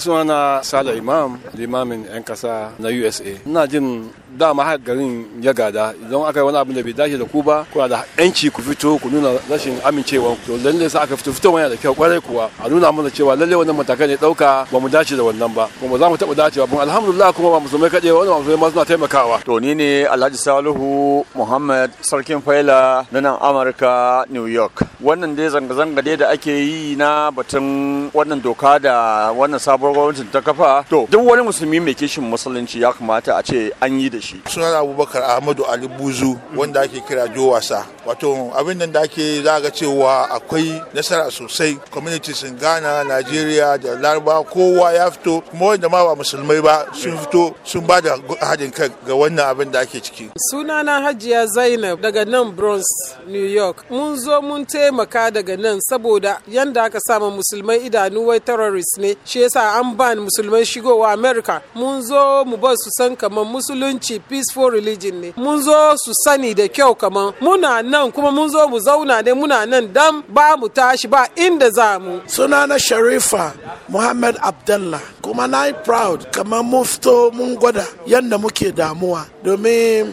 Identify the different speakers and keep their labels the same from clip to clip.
Speaker 1: sunana sala imam limamin 'yan kasa na usa ina jin dama har garin ya gada idan aka yi wani abin da bai dace da ku ba kuna da yanci ku fito ku nuna rashin amincewa to lalle sa aka fito fito wani da kyau kwarai kuwa a nuna mana cewa lalle wannan matakan ne dauka ba mu dace da wannan ba kuma ba za mu taɓa dacewa kuma alhamdulillah kuma ba musulmai kaɗai wani ba musulmai ma suna taimakawa. to ni ne alhaji salihu muhammad sarkin faila na nan amurka new york wannan dai zanga-zanga dai da ake yi na batun wannan doka da wannan sabon gwamnatin ta kafa to duk wani musulmi mai kishin musulunci ya kamata a ce an yi da shi sunan abubakar ahmadu ali buzu wanda ake kira jo wasa wato abin nan da ake za ga cewa akwai nasara sosai communities in ghana nigeria da laraba kowa ya fito kuma wanda ma ba musulmai ba sun fito sun ba da hadin kai ga wannan abin da ake ciki
Speaker 2: sunana hajiya zainab daga nan bronx new york mun zo mun taimaka daga nan saboda yanda aka sama musulmai idanu wai terrorist ne shi yasa an ban musulman shigowa america mun zo mu ba su san kaman musulunci peaceful religion ne mun zo su sani da kyau kamar muna nan kuma mun zo mu zauna ne muna nan dan ba mu tashi ba inda za mu suna na sharifa muhammad abdullah
Speaker 1: kuma na proud kamar mun fito mun gwada yadda muke damuwa domin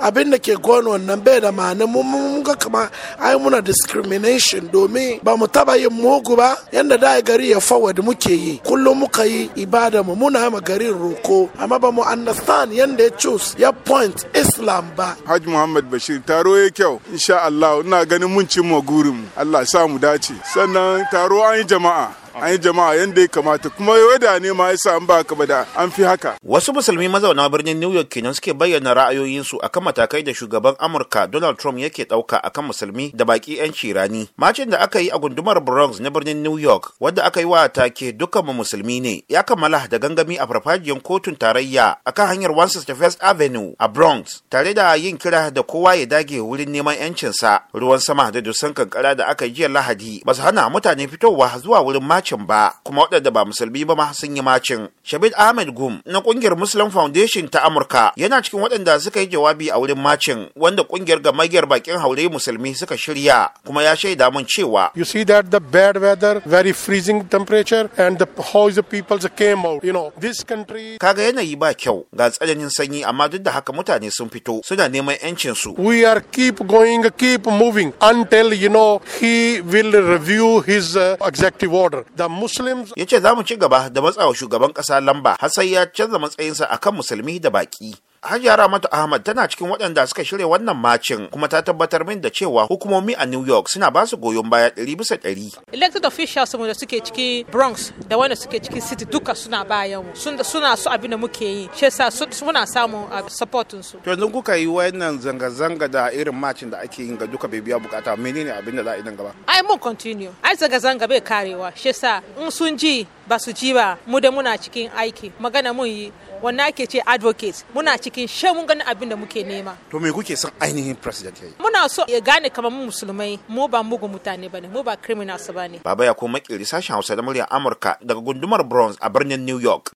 Speaker 1: abin da ke gwan wannan bai da ma'ana mun ga kama ai muna discrimination domin ba mu taba yin mugu ba yanda da gari ya forward muke yi kullum muka yi ibada mu muna ma garin roko amma ba mu understand yanda ya choose ya point islam ba Hajji Muhammad Bashir taro ya kyau insha Allah ina ganin mun cimma gurin mu Allah sa mu dace sannan taro an yi jama'a an yi jama'a yadda ya kamata kuma wada ne ma yasa an ba ka ba an fi haka wasu musulmi mazauna birnin new york kenan suke bayyana ra'ayoyinsu akan matakai da shugaban amurka donald trump yake ɗauka akan musulmi da baki 'yan cirani macin da aka yi a gundumar bronx na birnin new york wanda aka yi wa take dukkanmu musulmi ne ya kammala da gangami a farfajiyar kotun tarayya akan hanyar 161st avenue a bronx tare da yin kira da kowa ya dage wurin neman 'yancinsa ruwan sama da dusan kankara da aka yi jiya lahadi ba su hana mutane fitowa zuwa wurin macin macin ba kuma waɗanda ba musulmi ba ma sun yi macin shabid ahmed gum na ƙungiyar muslim foundation ta amurka yana cikin waɗanda suka yi jawabi a wurin macin wanda ƙungiyar gamayyar bakin haure musulmi suka shirya kuma ya shaida mun cewa you see that the bad weather very freezing temperature and the how the people came out you know this country kaga yanayi ba kyau ga tsananin sanyi amma duk da haka mutane sun fito suna neman yancin su we are keep going keep moving until you know he will review his uh, executive order da muslims ya ce za mu ci gaba da matsawa shugaban ƙasa lamba har sai ya canza matsayinsa akan musulmi da baƙi Hajiyar Ramatu Ahmad tana cikin waɗanda suka shirya wannan macin kuma ta tabbatar min da cewa hukumomi a New York suna ba su goyon baya ɗari bisa ɗari.
Speaker 2: Elected officials mu da suke ciki Bronx da wanda suke ciki City duka suna bayan mu suna so abin da muke yi shi yasa muna samun uh, supportin su. To
Speaker 1: yanzu kuka yi wannan zanga-zanga da irin macin da ake yin ga duka bai biya bukata menene abin da za a yi nan gaba?
Speaker 2: Ai mun continue ai zanga-zanga bai karewa shi yasa in sun ji ba su ji ba mu da muna cikin aiki magana mun yi wanda ake ce advocate muna cikin she mun gani abin da muke nema
Speaker 1: to me kuke son ainihin president yayi
Speaker 2: muna so ya gane kamar mu musulmai mu ba mugu mutane bane mu ba criminals bane
Speaker 1: baba ya ko makiri sashen Hausa da murya Amurka daga gundumar Bronx a birnin New York